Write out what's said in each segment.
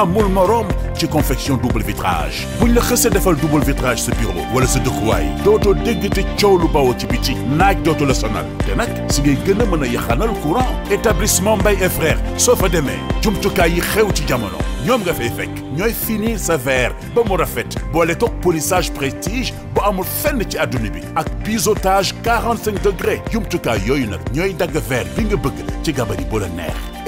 amul morom ci confection double vitrage buñ la xësee defal double vitrage sa bureau wala sa dëkkuwaay dootoo dégg te coow lu bawoo ci biti naaj dootu la sonal te nag si ngay gën a mën a yaxanal courant établissement Mbaye et frères soo fa demee jumtukaay yi xew ci jamono ñoom nga fay fekk ñooy finir sa verre ba mu rafet boole toog polissage prestige bu amul fenn ci adduna bi ak biseautage 45 degrés jumtukaay yooyu nag ñooy dagg verre bi nga bëgg ci gabari bu la neex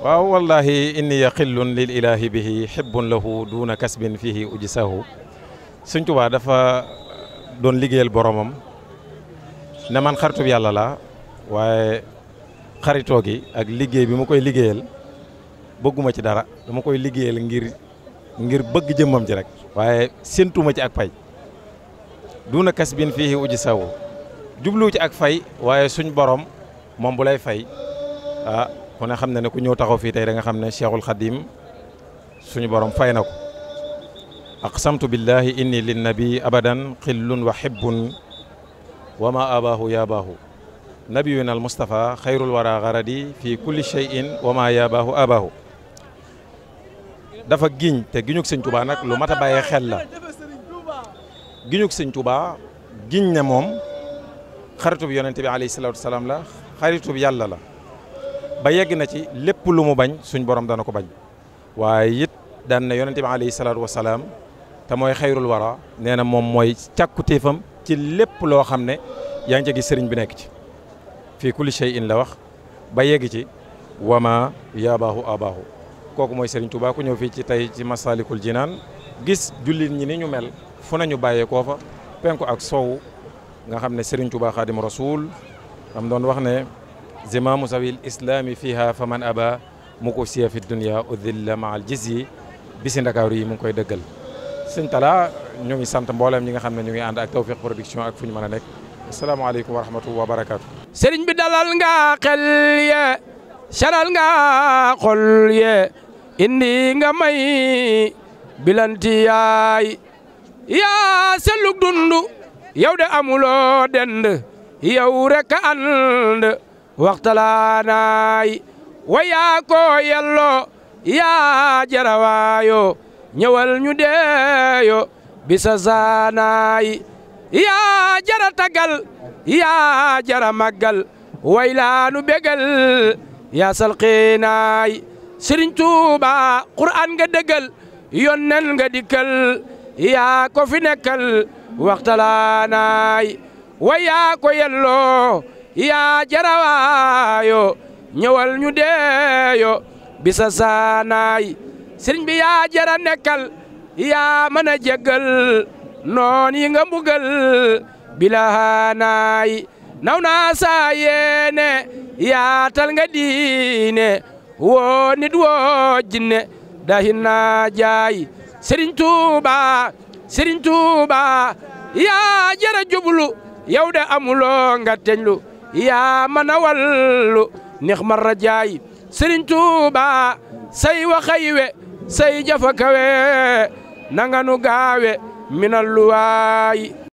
waaw wallahi inni xillun lil ilahi bihi xibbun lahu duuna kasbin fihi ujsahu Sëñ Tuubaa dafa doon liggéeyal boromam ne man xaritub yàlla la waaye xaritoo gi ak liggéey bi mu koy liggéeyal bëgguma ci dara dama koy liggéeyal ngir ngir bëgg jëmmam ji rek waaye séentuma ci ak pay duuna kasbin fihi ujsahu jublu ci ak fay waaye suñ boroom moom bu lay fay ah, ku ne xam na ne ku ñëw taxaw fii tey da xam ne cheikhul xadim suñu borom fay na ko aqsamtu billahi inni linnabi abadan xillun wa hibbun wa ma abaahu yaabaahu nabiyuna al mustafa xayrul wara garadi fi kulli cheyin wa ma yaabaahu abaahu dafa giñ te giñuk sëñ tubaa nag lu mat a bàyyee xel la giñuk sëñ tubaa giñ ne moom xaritub yonente bi alayhi salaatu salaam la xaritub yàlla la ba yegg na ci lépp lu mu bañ suñ boroom dana ko bañ waaye it daan na yonente bi alayhi salaatu wasalaam te mooy xayrul wara nee na moom mooy càkkutéefam ci lépp loo xam ne yaa gi sëriñ bi nekk ci fii kulli shay'in la wax ba yegg ci wama yaabaahu abaahu kooku mooy sëriñ Tuubaa ku ñëw fii ci tey ci masalikul jinaan gis jullit ñi ni ñu mel fu ñu bàyyee koo fa penku ak soow nga xam ne sëriñ Tuubaa xaadim rasul am doon wax ne zimamu sawi lislami fiha fa man aba mu ko siya fi dunia udilla ma al bisi ndakaaru yi mu ngi koy dëggal sëñ Talla ñu ngi sant mboolem ñi nga xam ne ñu ngi ànd ak Tawfekh Production ak fu ñu mën a nekk asalaamaaleykum wa rahmatulah wa barakaatu. sëriñ bi dalal nga xel ye saral nga xol ye indi nga may bilanti yaay yaa sellug dundu yow de amuloo dend yow rek ànd waxtalaanaay wa yaa ko yaa jarawaayo ñëwal ñu deeyo bisa saanaay yaa jara yaa jara màggal waylaanu bégal yaa salqiinaay Sëriñ Tuuba Qur'aan nga dëggal yónneen nga dikkal yaa ko fi nekkal waxtalaanaay wa yaa ko yaa jarawaayo ñëwal ñu deeyo bisa saanaay sëriñ bi yaa jara nekkal yaa mën a jéggal noon yi nga mbugal bila haanaay naw naa saa yeene yaatal nga diine woo nit woo jinne dahin jaay sëriñ Tuuba sëriñ Tuuba yaa jara jublu yow de amuloo nga teñlu yaa mën a wallu neex ma rajaay sëriñ Tuuba say waxay we say jafa kawe nanga nu gaawe minal luwaay